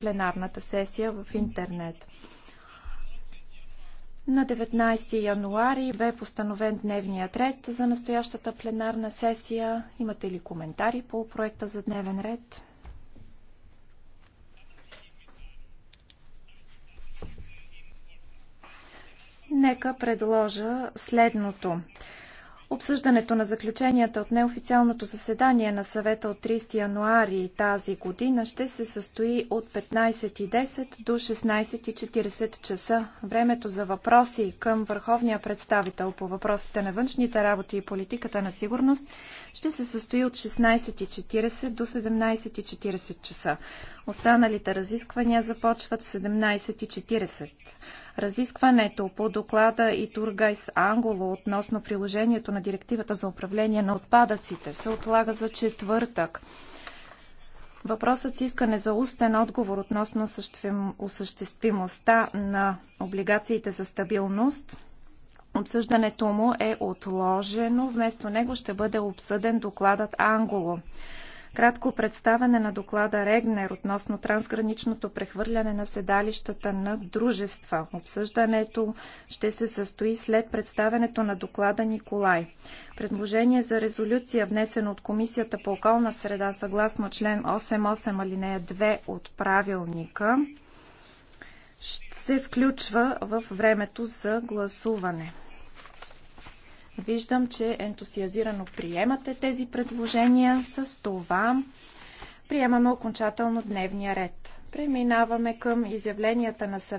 пленарната сесия в интернет. На 19 януари бе постановен дневният ред за настоящата пленарна сесия. Имате ли коментари по проекта за дневен ред? Нека предложа следното. Обсъждането на заключенията от неофициалното заседание на съвета от 30 януари тази година ще се състои от 15.10 до 16.40 часа. Времето за въпроси към върховния представител по въпросите на външните работи и политиката на сигурност ще се състои от 16.40 до 17.40 часа. Останалите разисквания започват в 17.40. Разискването по доклада и Тургайс Анголо относно приложението на директивата за управление на отпадъците се отлага за четвъртък. Въпросът с искане за устен отговор относно осъществимостта на облигациите за стабилност Обсъждането му е отложено. Вместо него ще бъде обсъден докладът Анголо. Кратко представяне на доклада Регнер относно трансграничното прехвърляне на седалищата на дружества. Обсъждането ще се състои след представянето на доклада Николай. Предложение за резолюция, внесено от Комисията по околна среда, съгласно член 8.8 алинея 2 от правилника, ще се включва в времето за гласуване. Виждам, че ентусиазирано приемате тези предложения. С това приемаме окончателно дневния ред. Преминаваме към изявленията на съвета.